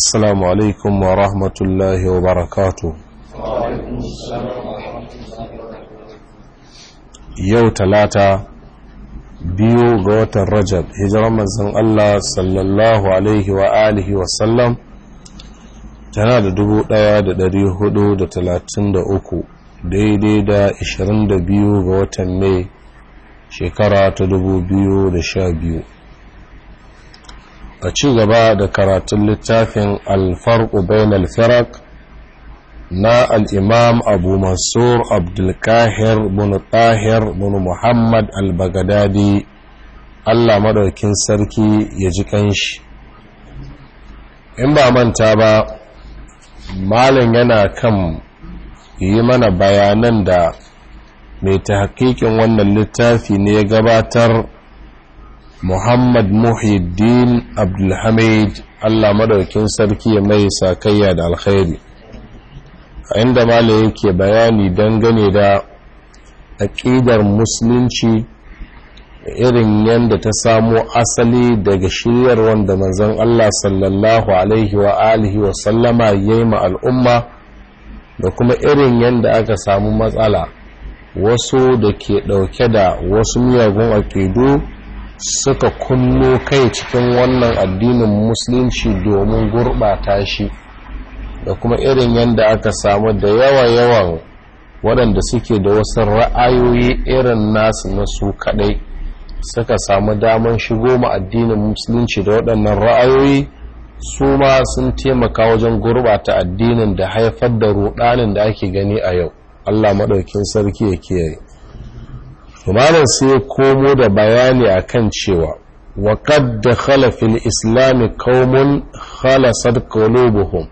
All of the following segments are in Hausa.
السلام عليكم ورحمة الله وبركاته Yau Talata, biyu ga watan rajab hijirar manzan Allah sallallahu alaihi tana da dubu ɗaya da dari hudu da talatin da uku daidai da ishirin da biyu ga watan mai shekara ta dubu biyu da sha biyu a ci gaba da karatun littafin alfarku bainal firak na al'imam abu mansur abdulkahir bin tahir bin muhammad al-bagadadi allah maɗaukin sarki ya ji kanshi in ba manta ba malin yana kan yi mana bayanan da mai ta hakikin wannan littafi ne ya gabatar muhammad muhyiddin abdulhamid allah madaukin sarki mai sakayya da alkhairi a inda mala yake bayani dangane da aƙidar musulunci irin yadda ta samo asali daga shiryar wanda manzon Allah sallallahu alaihi wa alihi wa sallama yayi ma al'umma da kuma irin yadda aka samu matsala wasu da ke ɗauke da wasu miyagun aƙidu suka kullo kai cikin wannan addinin musulunci domin gurɓata shi da kuma irin yadda aka samu da yawa-yawan waɗanda suke da wasu ra'ayoyi irin nasu na su kaɗai suka samu damar shigo ma addinin musulunci da waɗannan ra'ayoyi su ma sun taimaka wajen gurɓata addinin da haifar da ruɗanin da ake gani a yau allah maɗaukin sarki ya kiyaye malam sai komo da bayani akan cewa wa da khalafin islami islam qaumun khalasat qulubuhum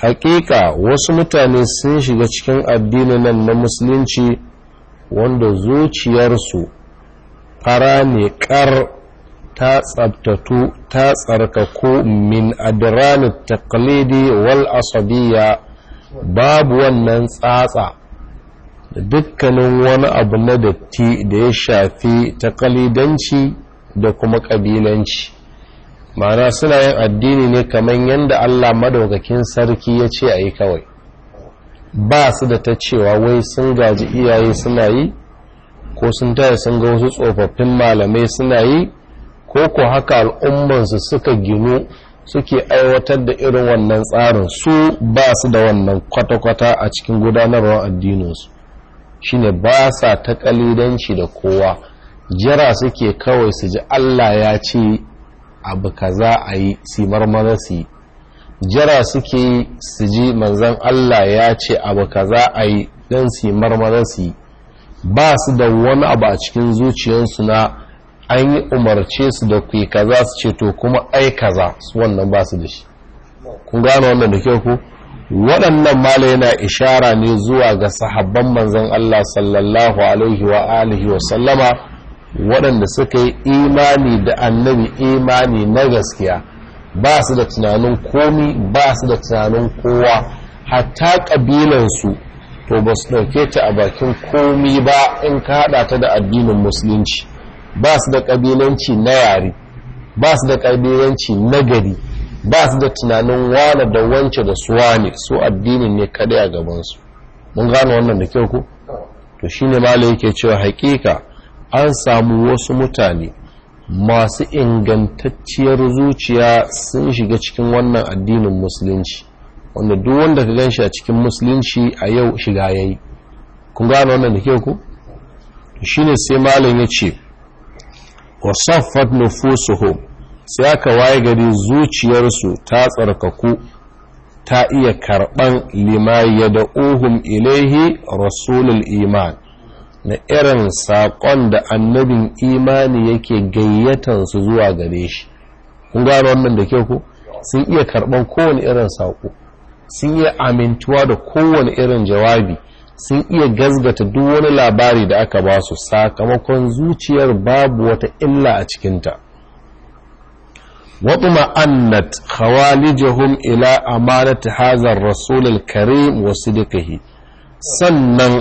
haƙiƙa wasu mutane sun shiga cikin addinin nan na musulunci wanda zuciyarsu fara ne ƙar ta tsabtatu ta tsarkaku min adrani taqlidi wal asabiya babu wannan tsatsa dukkanin wani abu na datti da ya shafi ta kalidanci da kuma ƙabilanci ma'ana suna yin addini ne kamar yadda Allah madaukakin sarki ya ce a yi kawai ba su da ta cewa wai sun gaji iyaye suna yi ko sun taya sun ga wasu tsofaffin malamai suna yi ko ko haka al'ummansu suka ginu suke aiwatar da irin wannan tsarin su ba su da wannan kwata-kwata a cikin gudanarwar addininsu shine ba sa ta kalidanci da kowa jira suke kawai su ji Allah ya ce abu kaza a yi si marmara su yi jira suke su ji manzan Allah ya ce abu kaza a yi don si marmara su yi ba su da wani abu a cikin zuciyarsu na an yi umarce su da kai kaza su ce to kuma ai kaza su wannan ba su da shi kun gano wannan da kyau ku waɗannan mala yana ishara ne zuwa ga sahabban manzan Allah sallallahu alaihi wa alihi wa sallama waɗanda suka yi imani da annabi imani na gaskiya ba su da tunanin komi ba su da tunanin kowa hatta ƙabilansu to ba su ɗauke ta a bakin komi ba in ka haɗa ta da addinin musulunci ba su da ƙabilanci na yare ba su da ƙabilanci na gari ba su da tunanin wane da wance da suwa ne su addinin ne kaɗai a gabansu mun gano wannan da kyau ku to shine malai yake cewa hakika an samu wasu mutane masu ingantacciyar zuciya sun shiga cikin wannan addinin musulunci wanda duk wanda ka ganshi a cikin musulunci a yau shiga yayi kun gano wannan da kyau ku to shine sai malam ya ce wa saffat nufusuhum sai aka waye gari zuciyarsu ta tsarkaku ta iya karɓan limayi ya da uhun ilaihi rasulul iman na irin saƙon da annabin imani yake gayyatansu zuwa gare shi kun gano wannan da ke ku sun iya karɓan kowane irin saƙo sun iya amintuwa da kowane irin jawabi sun iya gazgata duk wani labari da aka ba su sakamakon zuciyar babu wata illa a cikinta waɗuma annat khawalijahum ila amanati hazar rasulul karim wa sidiqihi sannan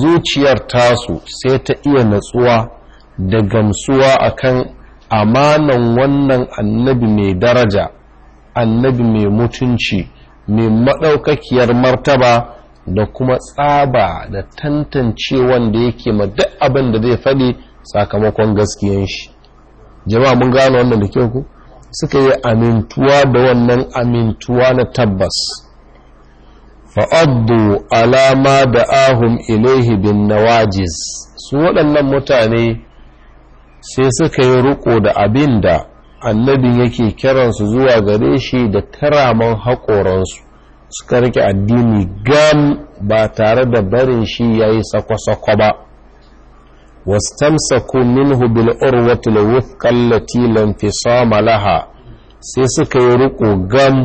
zuciyar tasu sai ta iya natsuwa da gamsuwa akan amanan wannan annabi mai daraja annabi mai mutunci mai maɗaukakiyar martaba da kuma tsaba da tantance wanda yake ma duk da zai faɗi sakamakon gaskiyan shi jama'a mun gane wannan da kyau ku suka yi amintuwa da wannan amintuwa na tabbas fa'addu alama da ahun ilaihi bin nawajiz su waɗannan mutane sai suka yi ruko da abin da annabin yake kiransu zuwa gare shi da karaman haƙoransu suka rike addini gam ba tare da barin shi ya yi sako-sako ba wastamsaku minhu bil urwatil wuthqa allati lam fisama laha sai suka yi riko gam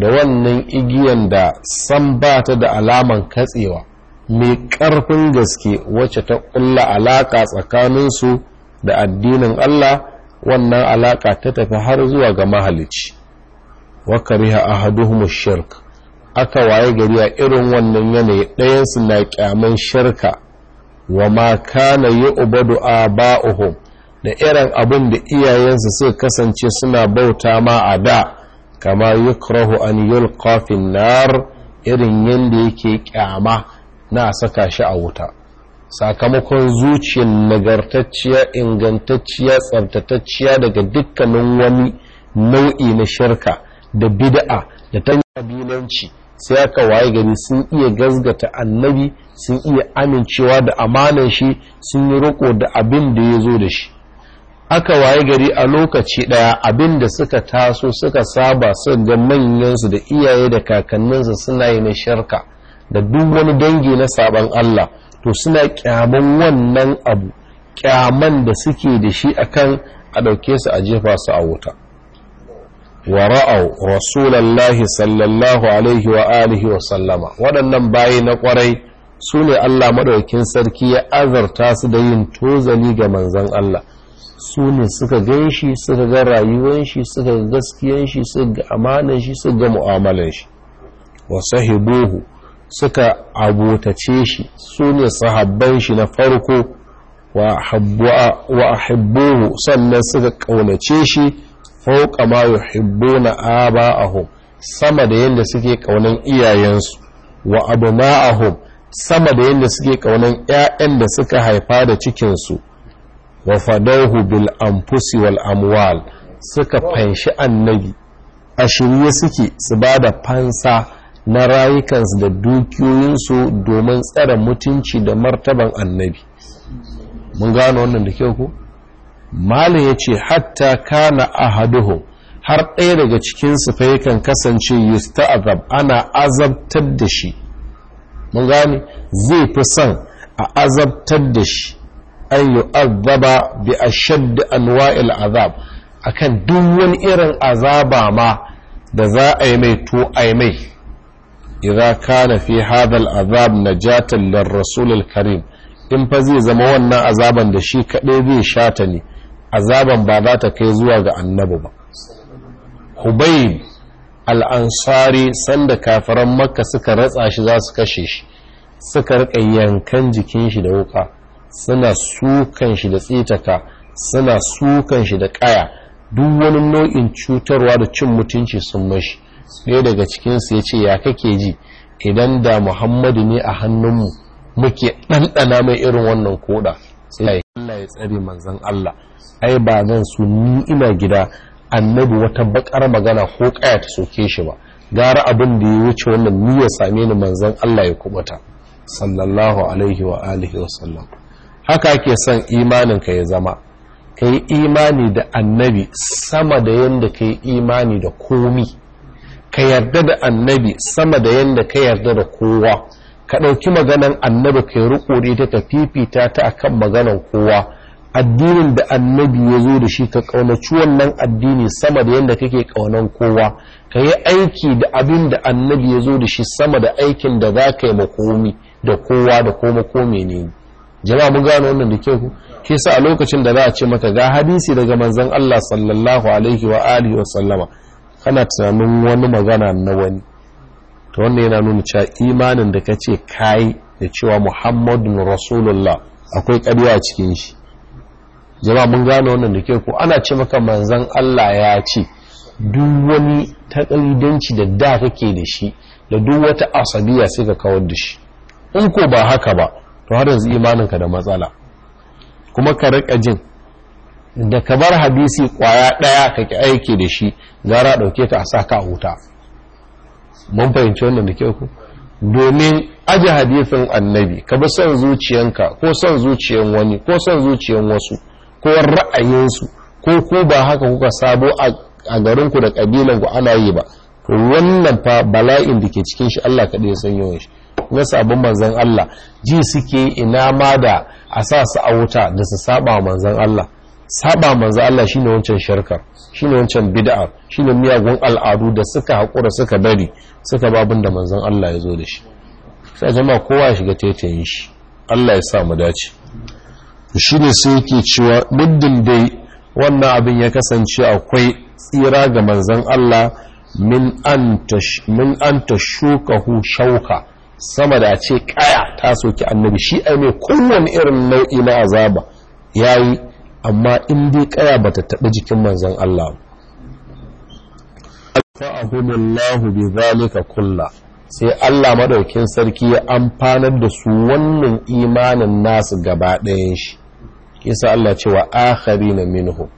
da wannan igiyan da san ba ta da alaman katsewa mai ƙarfin gaske wacce ta ƙulla alaƙa tsakaninsu da addinin Allah wannan alaƙa ta tafi har zuwa ga mahalici wa kariha ahaduhum shirk aka waye gari a irin wannan yanayi ɗayansu na ƙyaman shirka wa ma kana a ba'uhu da irin abin da iyayensu suka kasance suna bauta ma a da kama kurahu an yulqa fin nar irin yadda yake kyama na saka shi a wuta sakamakon zuciyar nagartacciya ingantacciya tsabtatacciya daga dukkanin wani nau'i na shirka da bida'a da ta kabilanci sai aka waye gari sun iya gazgata annabi sun iya amincewa da amanan shi sun yi roƙo da abin da ya zo da shi aka waye gari a lokaci ɗaya abin da suka taso suka saba sun ga manyansu da iyaye da kakanninsu suna yi na sharka da duk wani dangi na saban Allah to suna kyaman wannan abu kyaman da suke da shi akan a ɗauke su a jefa su a wuta wara'au ra'au rasulallahi sallallahu alaihi wa alihi wa sallama waɗannan bayi na ƙwarai su ne Allah maɗaukin sarki ya azarta su da yin tozali ga manzan Allah su ne suka gan shi suka ga rayuwan shi suka ga gaskiyan shi suka ga amanan shi suka ga mu'amalan shi wa sahibuhu suka abotace shi su ne sahabban shi na farko wa habbuhu sannan suka ƙaunace shi fauka ma yuhibbuna aba'ahum sama da yadda suke kaunan iyayensu wa abna'ahum sama da yadda suke kaunan ƴaƴan da suka haifa da cikin su wa fadauhu bil anfusi wal amwal suka fanshi annabi a shirye suke su ba da fansa na rayukansu da dukiyoyinsu domin tsare mutunci da martaban annabi mun gano wannan da kyau ku mala ya ce hatta kana ahaduhu har ɗaya daga cikinsu fa yakan kasance yusta'azab ana azabtar da shi mun gani? zai fi son a azabtar da shi an yi azaba bi ashadd anwa'il azab akan duk wani irin azaba ma da za a yi mai to a yi mai idza kana fi hadha al-azab najatan lir-rasul al-karim in fa zai zama wannan azaban da shi kaɗai zai shata ne azaban ba za ta kai zuwa ga annabi ba hubayb ansari sanda kafaran makka suka ratsa shi za su kashe shi suka rika yankan jikin shi da wuka suna sukan shi da tsitaka suna sukan shi da kaya duk wani nau'in cutarwa da cin mutunci sun mashi ɗaya daga cikinsu ya ce ya kake ji idan da muhammadu ne a hannunmu muke ɗanɗana mai irin wannan koda sai ya tsare manzan Allah ai ba zan su ni ina gida annabi wata bakar magana ko kaya ta soke shi ba gara abin da ya wuce wannan ni ya same ni manzan Allah ya kubuta sallallahu alaihi wa alihi wa sallam haka ake son imanin ka ya zama kai imani da annabi sama da yanda kai imani da komi ka yarda da annabi sama da yanda ka yarda da kowa ka ɗauki maganan annabi kai yi ta ne ta fifita ta akan maganan kowa addinin da annabi ya zo da shi ka ƙaunaci wannan addini sama da yadda kake ƙaunan kowa ka yi aiki da abin da annabi ya zo da shi sama da aikin da za ka yi makomi da kowa da ko makomi ne jama'a mun gano wannan da ke ku ke sa a lokacin da za a ce maka ga hadisi daga manzon Allah sallallahu alaihi wa alihi wa sallama kana tunanin wani magana na wani ta wannan yana nuna cewa imanin da ka ce kayi da cewa muhammadun rasulullah akwai ƙarya a cikin shi zama mun gane wannan da ke ku ana ce maka manzan allah ya ce duk wani takalidanci da da kake da shi da duk wata asabiya sai ka kawar da shi in ko ba haka ba to har yanzu imaninka da matsala kuma ka rika jin da ka bar hadisi kwaya daya ka ki aiki da shi gara ɗauke ka a sa ka a wuta mun fahimci wannan da kyau ku domin aji hadisin annabi ka bi son zuciyanka ko son zuciyan wani ko son zuciyan wasu ko ra'ayinsu ko ku ba haka kuka sabo a garinku da ƙabilanku ana yi ba to wannan fa bala'in da ke cikin shi Allah kaɗai ya san yawan shi na sabon manzon Allah ji suke ina ma da a sa su a wuta da su saba manzon Allah saba manzo Allah shine wancan shirka shine wancan bid'a shine miyagun al'adu da suka hakura suka bari suka ba abin da manzon Allah ya zo da shi sai jama'a kowa ya shiga taitayin shi Allah ya sa mu dace shine sai yake cewa muddin dai wannan abin ya kasance akwai tsira ga manzon Allah min an min an tashukahu shauka sama da ce kaya ta soki annabi shi ai ne kowane irin nau'i na azaba yayi amma in dai kaya ba ta taɓa jikin manzan Allah fa'ahumullahu bi zalika kulla sai Allah madaukin sarki ya amfanar da su wannan imanin nasu gaba ɗayan shi kisa Allah cewa akharina minhum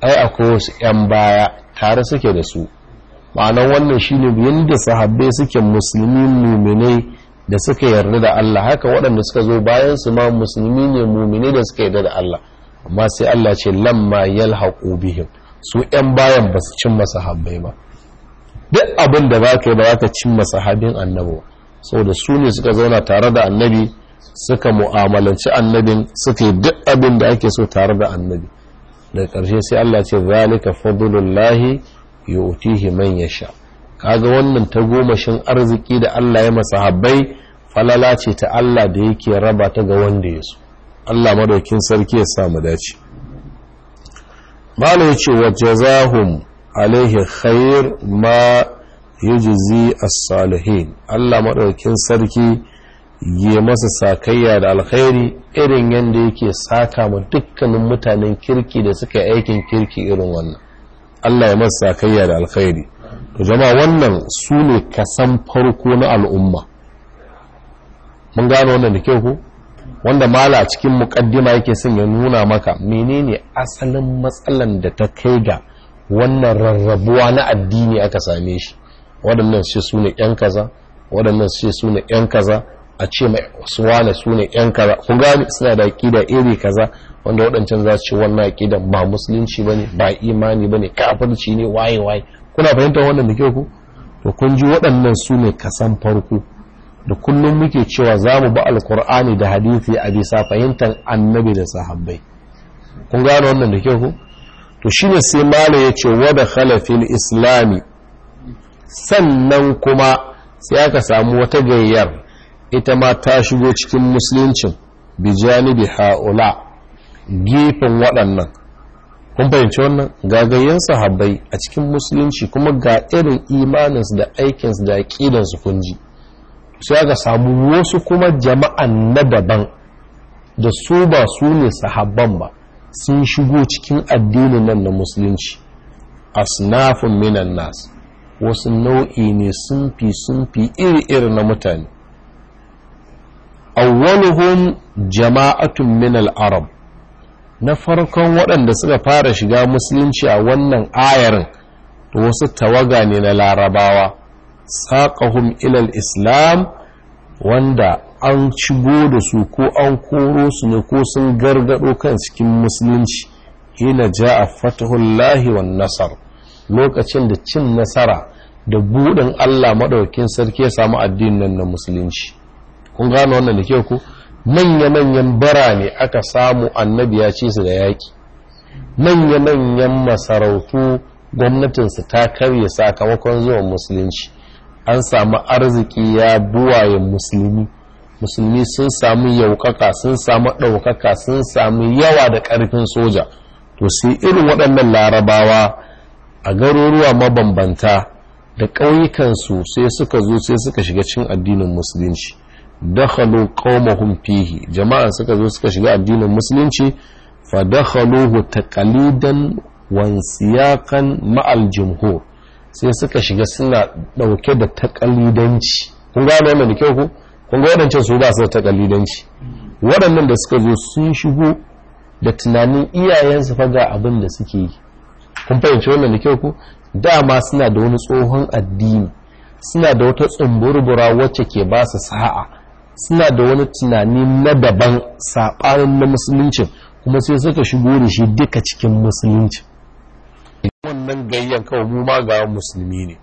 ai akwai wasu ‘yan baya tare suke da su ma'anan wannan shi ne yadda sahabbai suke musulmi muminai da suka yarda da Allah haka waɗanda suka zo bayan su ma musulmi ne muminai da suka yarda da Allah amma sai Allah ce lamma yalhaqu bihim su ƴan bayan ba su cimma sahabbai ba duk abin da zaka yi ba zaka cimma sahabin annabi saboda su ne suka zauna tare da annabi suka mu'amalanci annabin suka duk abin da ake so tare da annabi daga ƙarshe sai Allah ce zalika fadlullahi yu'tihi man yasha kaga wannan ta gomashin arziki da Allah ya masa habbai falala ce ta Allah da yake raba ta ga wanda ya so Allah madaukin sarki ya samu dace malai ce wa jazahum alaihi khair ma yujzi as-salihin Allah madaukin sarki ya masa sakayya da alkhairi irin yanda yake saka ma dukkanin mutanen kirki da suka yi aikin kirki irin wannan Allah ya masa sakayya da alkhairi to jama'a wannan su ne kasan farko na al'umma mun gano wannan da kyau ko wanda mala a cikin mukaddima yake son ya nuna maka menene asalin matsalan da ta kai ga wannan rarrabuwa na addini aka same shi waɗannan sai su ne ƴan kaza waɗannan sai su ne ƴan kaza a ce mai wane su ne ƴan kaza ku gani suna da aƙida iri kaza wanda waɗancan za su ce wannan aƙidan ba musulunci ba ne ba imani ba ne kafirci ne waye waye kuna fahimtar wannan da kyau ku to kun ji waɗannan su ne kasan farko da kullum muke cewa za mu ba alkur'ani da hadithi a bisa fahimtar annabi da sahabbai kun gano wannan da kyau ku to ne sai mala ya ce wada khalafin islami sannan kuma sai aka samu wata gayyar ita ma ta shigo cikin musuluncin bijanibi ha'ula gefen waɗannan kun fahimci wannan gagayen sahabbai a cikin musulunci kuma ga irin imaninsu da aikinsu da aƙidansu ji. sai aka samu wasu kuma jama'an na daban da su ba su ne sahabban ba sun shigo cikin addinin nan na musulunci asnafin minan nas wasu nau'i ne sun fi sun fi iri-iri na mutane awwaluhum jama'atun minal arab na farkon waɗanda suka fara shiga musulunci a wannan ayarin wasu tawaga ne na larabawa saƙahum ilal islam wanda an shigo da su ko an koro su ne ko sun gargaɗo kan cikin musulunci hina ja a fatahullahi wa nasar lokacin da cin nasara da buɗin Allah maɗaukin sarki ya samu addinin na musulunci kun gano wannan da ke ku manya-manyan birane aka samu annabi ya ce su da yaƙi manya-manyan masarautu gwamnatinsu ta karye sakamakon zuwan musulunci an samu arziki ya buwaye musulmi musulmi sun samu yaukaka sun samu ɗaukaka sun samu yawa da ƙarfin soja to sai irin waɗannan larabawa a garuruwa mabambanta da ƙauyukansu sai suka zo sai suka shiga cin addinin musulunci dakhalu qaumahum fihi jama'a suka zo suka shiga addinin musulunci fa dakhaluhu taqalidan wa siyaqan ma'al jumhur sai suka shiga suna ɗauke da takalidanci kun gano wannan da kyau ku kun ga wadancan su ba su da takalidanci waɗannan da suka zo sun shigo da tunanin iyayensu faga abin da suke yi kun fahimci wannan da kyau ku dama suna da wani tsohon addini suna da wata tsumburbura wacce ke ba su sa'a suna da wani tunani na daban saɓanin na musuluncin kuma sai suka shigo da shi duka cikin musuluncin wannan gayyan kawai mu ma ga musulmi ne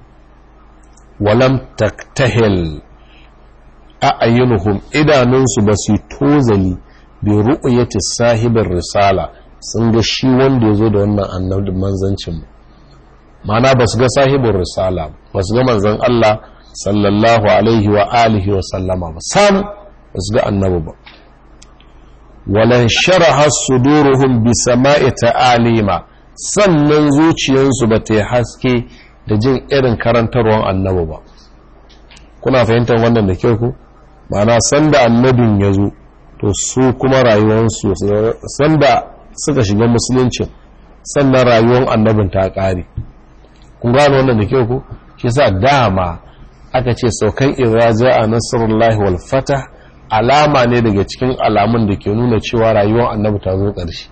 walam taktahil a'ayinuhum idanunsu ba su tozali bi ru'yati sahibin risala sun ga shi wanda ya zo da wannan annabin manzancin mana ba su ga sahibin risala ba su ga manzan Allah sallallahu alaihi wa alihi wa sallama ba sam ba su ga annabi ba walan sharaha suduruhum bi sama'i ta'alima sannan zuciyarsu ba ta yi haske da jin irin karantarwar annabi ba kuna fahimtar wannan da kyau ku Mana sanda annabin ya zo to su kuma rayuwarsu sanda suka shiga musulunci sannan rayuwar annabin ta ƙare kun gano wannan da kyau ku shi sa dama aka ce saukan iraza a nasarullahi lahiwal fata alama ne daga cikin alamun da ke nuna cewa rayuwar annabi ta zo ƙarshe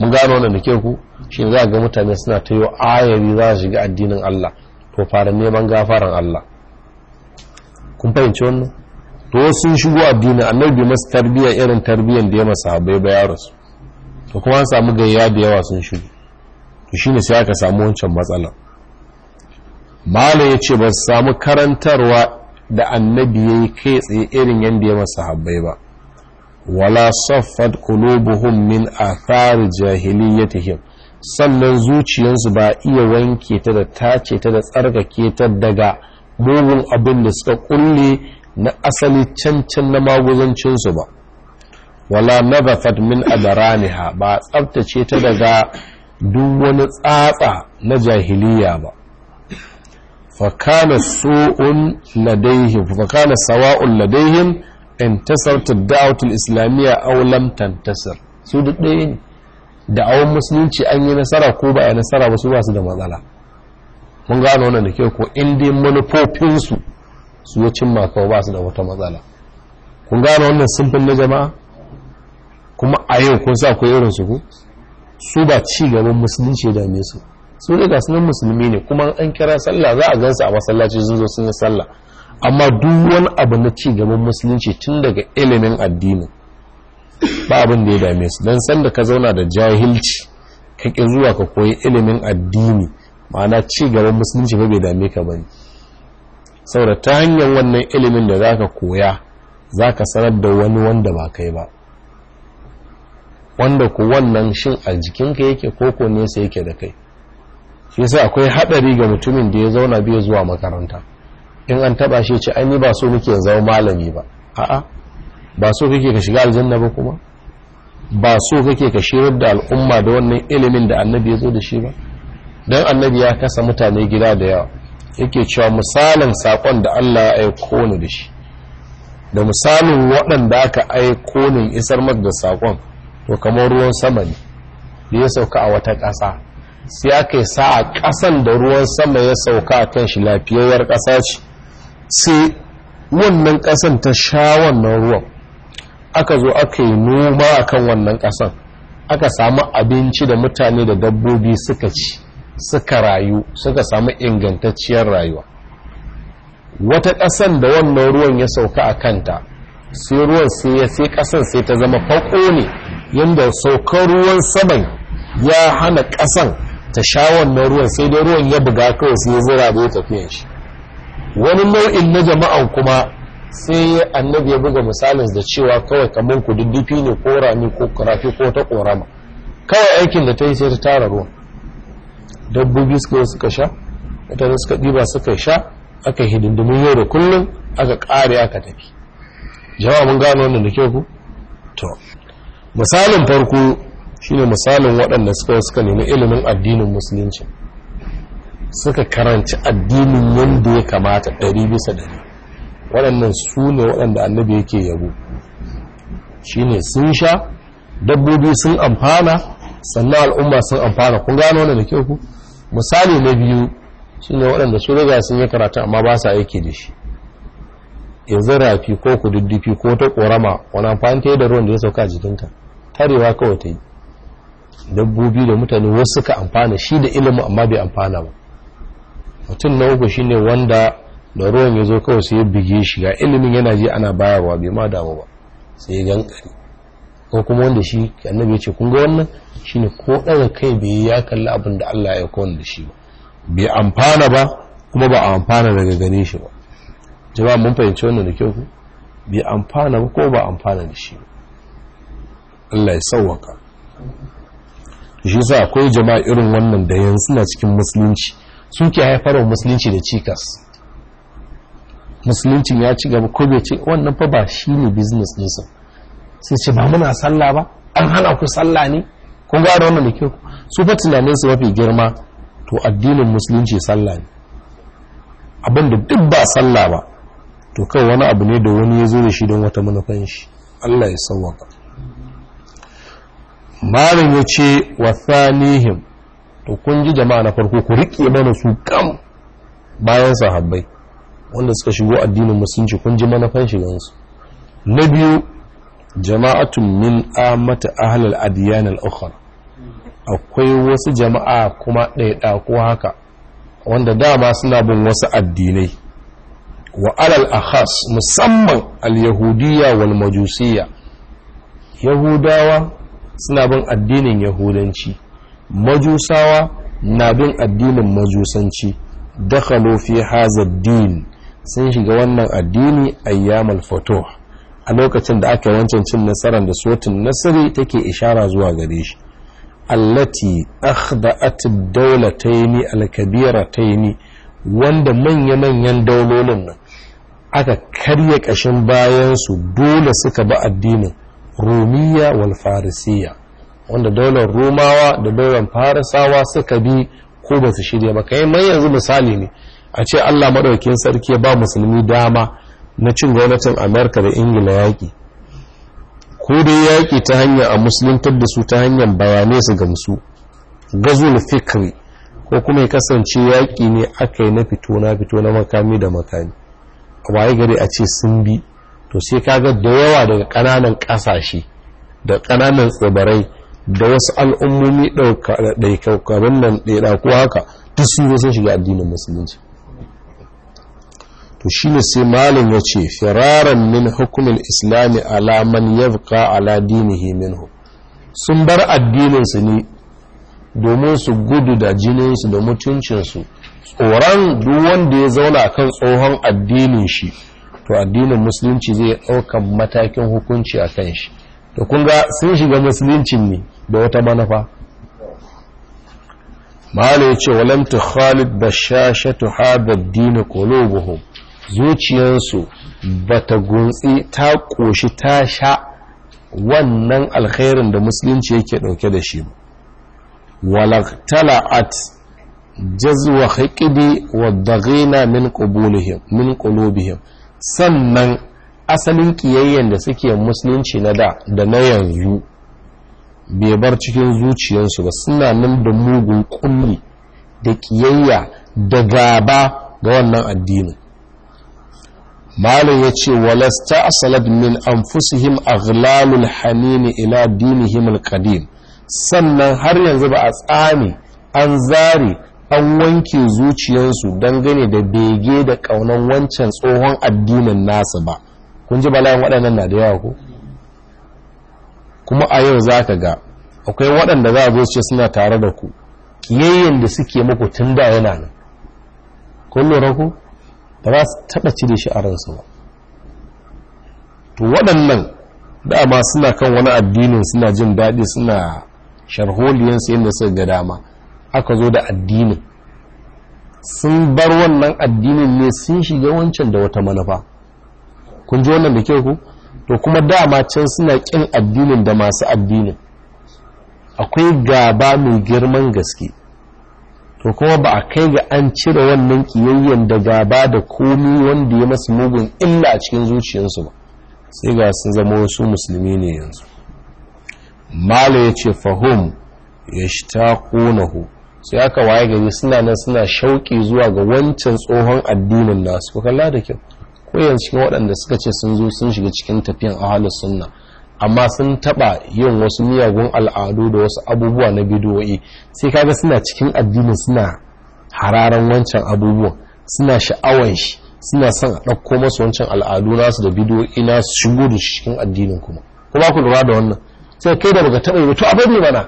mun gano wannan da kyau ku shi za ga mutane suna ta yi ayari za su shiga addinin Allah to fara neman gafaran Allah kun fahimci wannan to sun shigo addinin annabi masu tarbiyya irin tarbiyyar da ya masa habai ba ya rasu to kuma an samu gayya da yawa sun shigo to shine sai aka samu wancan matsala. malam ya ce ba su samu karantarwa da annabi ya yi kai tsaye irin yadda ya masa habbai ba wala saffat qulubuhum min athar jahiliyyatihim sannan zuciyarsu ba iya wanke ta da tace ta da tsarkake ta daga mugun abin da suka kulle na asali cancan na maguzancinsu ba wala nabafat min adaraniha ba tsabtace ta daga duk wani tsatsa na jahiliya ba fakana su'un ladaihim fakana sawa'un ladaihim intasar ta da'awatul islamiyya aw lam tantasar su duk musulunci an yi nasara ko ba nasara ba su ba su da matsala mun gano wannan da kyau ko in dai manufofinsu su ya cimma kawai ba su da wata matsala kun gano wannan sunfin na jama'a kuma a yau kun sa ku irin su ku su ba ci gaban musulunci da me su su ne ga sunan musulmi ne kuma an kira sallah za a gansu a masallaci sun zo sun yi sallah amma duk wani abu na ci gaban musulunci tun daga ilimin addinin ba abin da ya dame su don sanda ka zauna da jahilci ka zuwa ka koyi ilimin addini ma'ana ci gaban musulunci ba bai dame ka bane saboda ta hanyar wannan ilimin da za ka koya za ka sanar da wani wanda ba kai ba wanda ku wannan shin a jikinka yake koko nesa yake da kai shi akwai haɗari ga mutumin da ya zauna bai zuwa makaranta in an taba shi ce an yi ba so nake zama malami ba a'a ba so kake ka shiga aljanna ba kuma ba so kake ka shirar da al'umma da wannan ilimin da annabi ya zo da shi ba don annabi ya kasa mutane gida da yawa yake cewa misalin sakon da Allah ya aiko ni da shi da misalin waɗanda aka aiko ni isar maka da sakon to kamar ruwan sama ne da ya sauka a wata ƙasa sai aka yi sa'a ƙasan da ruwan sama ya sauka a kan shi lafiyayyar ƙasa ce sai wannan ƙasan ta sha wannan ruwan aka zo aka yi noma akan wannan ƙasan aka samu abinci da mutane da dabbobi suka ci suka rayu suka samu ingantacciyar rayuwa wata ƙasan da wannan ruwan ya sauka a kanta sai ruwan sai ya sai ƙasan sai ta zama faƙo ne yadda saukar ruwan saman ya hana ƙasan ta sha wannan ruwan sai dai ruwan ya buga kawai sai ya zira da ya tafiyan shi wani nau'in na jama'an kuma sai annabi ya buga misalin da cewa kawai kamar ku dindifi ne ko rami ko karafi ko ta korama kawai aikin da ta yi sai ta tara ruwa dabbobi suka suka sha mutane suka ɗiba suka sha aka hidindimin yau da kullum aka ƙare aka tafi jama'a mun gano wannan da ke ku to misalin farko shine misalin waɗanda suka suka nemi ilimin addinin musulunci suka karanci addinin yadda ya kamata ɗari bisa ɗari waɗannan su ne waɗanda annabi yake yabo shi ne sun sha dabbobi sun amfana sannan al'umma sun amfana kun gano wanda da kyau ku misali na biyu shi ne waɗanda su riga sun yi karatu amma ba sa aiki da shi yanzu rafi ko kududdufi ko ta ƙorama wani amfani ta yi da ruwan da ya sauka jikinka tarewa kawai ta yi dabbobi da mutane wasu suka amfana shi da ilimin amma bai amfana ba mutum na uku shine wanda da ruwan ya zo kawai sai ya bige shi ga ilimin yana ji ana bayarwa bai ma damu ba sai ya kari ko kuma wanda shi annabi ya ce kun ga wannan shine ko daga kai bai ya kalli abin da Allah ya kawo da shi ba bai amfana ba kuma ba amfana daga gane shi ba jama'a mun fahimci wannan da kyau ku bai amfana ba ko ba amfana da shi ba Allah ya sauwaka shi sa akwai jama'a irin wannan da yanzu na cikin musulunci suke wa musulunci da cikas musulunci ya ci gaba ko bai ce wannan fa ba shi ne biznes nisa sun ce ba muna sallah ba an hana ku sallah ne kun gara wannan da kyau su fa su mafi girma to addinin musulunci salla ne abinda duk ba sallah ba to kai wani abu ne da wani ya zo da shi don wata manufan shi Allah ya sauwaka malam ya ce wa thanihim to kun ji jama'a na farko ku riƙe mana su kam bayan sahabbai wanda suka shigo addinin musulunci kun ji manufan shigansu na biyu jama'atun min amata ahlal adiyan al-ukhra akwai wasu jama'a kuma da ko haka wanda dama suna bin wasu addinai wa alal akhas musamman al-yahudiyya wal majusiyya yahudawa suna bin addinin yahudanci majusawa na bin addinin majusanci dakhalo fi hazar din sun shiga wannan addini ayyamal fato a lokacin da aka wancan cin nasarar da sotin nasiri take ishara zuwa gare shi allati akhda'at ad-dawlatayn al-kabiratayn wanda manya-manyan daulolin nan aka karya kashin bayan su dole suka ba addinin rumiyya wal farisiyya wanda daular romawa da daular farisawa suka bi ko ba su shirya ba kai mai yanzu misali ne a ce allah maɗaukin sarki ba musulmi dama na cin gwamnatin amerika da ingila yaƙi ko dai yaƙi ta hanyar a musulunta da su ta hanyar bayanai su ga gamsu gazul fikri ko kuma ya kasance yaƙi ne aka yi na fito na fito na makami da makami waye gari a ce sun bi to sai kaga da yawa daga ƙananan ƙasashe da ƙananan tsibirai da wasu al'ummomi ɗaikaukarin nan ɗaiɗa ko haka duk sun sun shiga addinin musulunci to shi ne sai malin ya ce firaran min hukumin islami alaman yabka ala dinihi minhu sun bar addininsu ne domin su gudu da jininsu da mutuncinsu tsoron duk wanda ya zauna kan tsohon addinin shi to addinin musulunci zai ɗaukan matakin hukunci a kan shi to kunga sun shiga musuluncin ne da wata manufa Malam ya ce walamta khalid bashashatu hadar dina kolobuhu zuciyarsu ba ta gunsi ta ƙoshi ta sha wannan alkhairin da musulunci yake ɗauke da shi ba walaktala'at jazwa haƙiɗi wa dagina min ƙulubihim sannan asalin ƙiyayyen da suke musulunci na da da na yanzu bai bar cikin zuciyarsu ba suna nan da mugun kulli da kiyayya da gaba ga wannan addinin malin ya ce walasta asalad min anfusihim aghlalul hanini ila dinihim alqadim sannan har yanzu ba a tsani an zare an wanke zuciyarsu dangane da bege da kaunan wancan tsohon addinin nasu ba kun ji bala'in waɗannan na da yawa ko kuma a yau za ka ga akwai waɗanda za a zo ce suna tare da ku yayin da suke muku tun da yana nan kun lura ba za su taɓa cire shi a ransu ba to waɗannan dama suna kan wani addinin suna jin daɗi suna sharholiyansu yadda suka ga dama aka zo da addinin sun bar wannan addinin ne sun shiga wancan da wata manufa kun ji wannan da kyau ku to kuma dama can suna ƙin addinin da masu addinin akwai gaba mai girman gaske to kuma ba a kai ga an cire wannan kiyayyen da gaba da komi wanda ya masu mugun illa a cikin zuciyarsu ba sai ga sun zama wasu musulmi ne yanzu mala ya ce fahim ya shi ta ƙonahu sai aka waye gari suna nan suna shauƙi zuwa ga wancan tsohon addinin nasu kalla da kyau ko yanzu cikin waɗanda suka ce sun zo sun shiga cikin tafiyan ahalus sunna amma sun taɓa yin wasu miyagun al'adu da wasu abubuwa na bidowai sai kaga suna cikin addinin suna hararan wancan abubuwan suna sha'awan shi suna son a ɗauko masu wancan al'adu nasu da bidiyoyi nasu shigo da shi cikin addinin kuma kuma ku lura da wannan sai kai da baka taɓa yi ba to a bari mana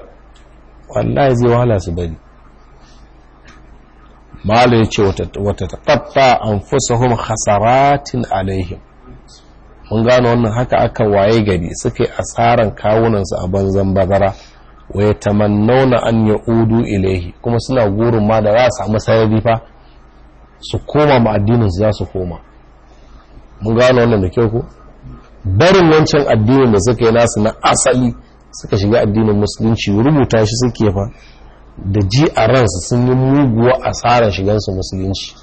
wallahi zai wahala su bari mala ya ce wata taɓaɓɓa an hun hasaratin alaihim mun gano wannan haka aka waye gari suke asaran kawunansu a banzan bazara wai tamannauna an ya udu ilaihi kuma suna gurin ma da za su samu sarari fa su koma ma addininsu za su koma mun gano wannan da kyau ku barin wancan addinin da suka yi nasu na asali suka shiga addinin musulunci rubuta shi suke fa da ji a ransu sun yi muguwa asarar shigansu musulunci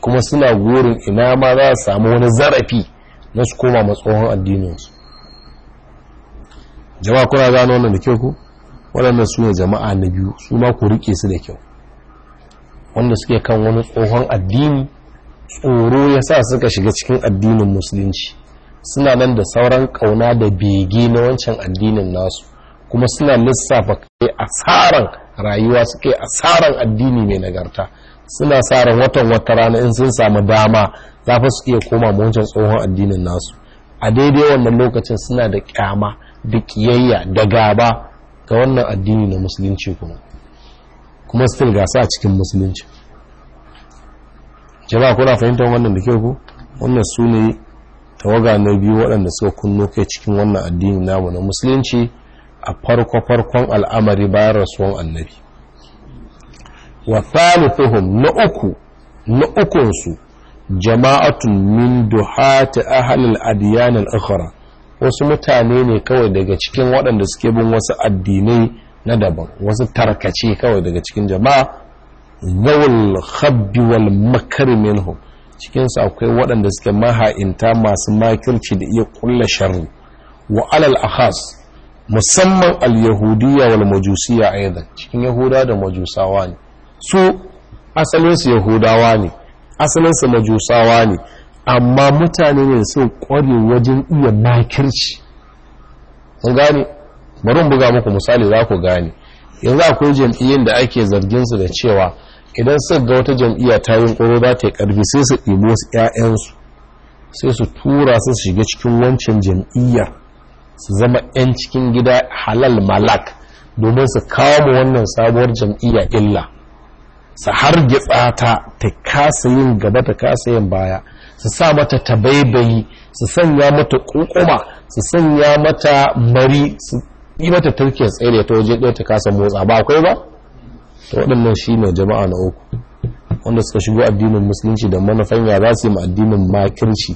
kuma suna gorin ina ma za su samu wani zarafi na su koma matsohon addininsu jama'a kuna gano wannan da kyau ku waɗannan su ne jama'a na biyu su ma ku rike su da kyau wanda suke kan wani tsohon addini tsoro ya sa suka shiga cikin addinin musulunci suna nan da sauran ƙauna da bege na wancan addinin nasu kuma suna lissafa kai asaran rayuwa suke a tsarin addini mai nagarta suna tsarin watan wata rana in sun samu dama za fa su iya koma wancan tsohon addinin nasu a daidai wannan lokacin suna da kyama da kiyayya da gaba ga wannan addini na musulunci kuma kuma still gasa a cikin musulunci jama'a kuna fahimtar wannan da kyau ku wannan su ne tawaga na biyu waɗanda suka kunno kai cikin wannan addini namu na musulunci a farko-farkon al'amari bayan rasuwan annabi wa thalithuhum na uku na ukunsu jama'atun min duhati ahlil adiyan al-ukhra wasu mutane ne kawai daga cikin waɗanda suke bin wasu addinai na daban wasu tarkace kawai daga cikin jama'a zawul khabbi wal makr minhum cikin su akwai waɗanda suke maha'inta masu makirci da iya kulla sharri wa alal akhas musamman al-yahudiyya wal majusiyya aidan cikin yahuda da majusawa ne su asalinsu yahudawa ne asalinsu majusawa ne amma mutane ne su kware wajen iya makirci kun gane bari buga muku misali za ku gane yanzu akwai jam'iyyar da ake zargin su da cewa idan su ga wata jam'iyya ta yi ƙoro za ta yi ƙarfi sai su ɗibo su 'ya'yansu sai su tura su shiga cikin wancan jam'iyyar su zama 'yan cikin gida halal malak domin su kawo mu wannan sabuwar jam'iyya illa su har ta ta kasa yin gaba ta kasa yin baya su sa mata tabaibayi su sanya mata kokoma su sanya mata mari su yi mata turkiyar tsere ta waje ɗaya ta kasa motsa ba akwai ba ta waɗannan shi ne jama'a na uku wanda suka shigo addinin musulunci da manufan ya za su yi ma addinin makirci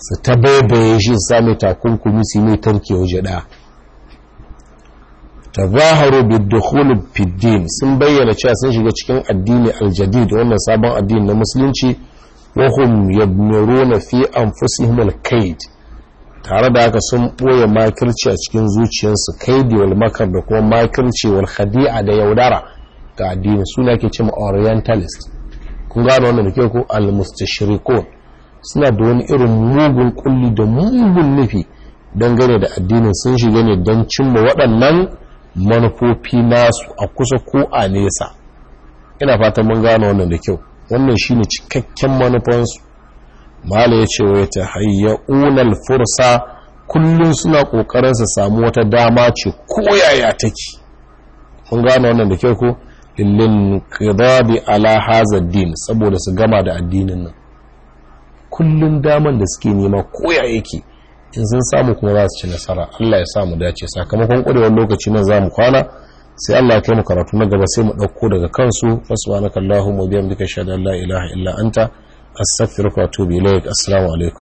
su ta baibaye shi sami takunkumi su ne tarke waje ɗaya ta zaharu biddukhulu sun bayyana cewa sun shiga cikin addini aljadid wannan sabon addini na musulunci wahum na fi anfusihim alkaid tare da haka sun ɓoye makirci a cikin zuciyarsu kaidi wal makar da kuma makirci wal khadi'a da yaudara ga addini suna ke cewa orientalist kun gano wannan da ke ku al suna da wani irin mugun kulli da mugun nufi dangane da addinin sun shiga ne don cimma waɗannan manufofi nasu a kusa ko a nesa ina fatan mun gane wannan da kyau wannan shi ne cikakken manufansu mala ya ce wai ta fursa kullum suna kokarin su samu wata dama ce koyaya take mun gane wannan da kyau ko lillin qidabi ala hazardin saboda su gama da addinin nan Kullum daman da suke nema koya yake in sun samu kuma za su ci nasara Allah ya samu dace sakamakon ƙwarewar lokaci nan za mu kwana sai Allah ya kai karatu na gaba sai mu ɗauko daga kansu fasuwa na kallahu mu duka shaɗa Allah ilaha illa anta astaghfiruka wa atubu ilaik assalamu alaikum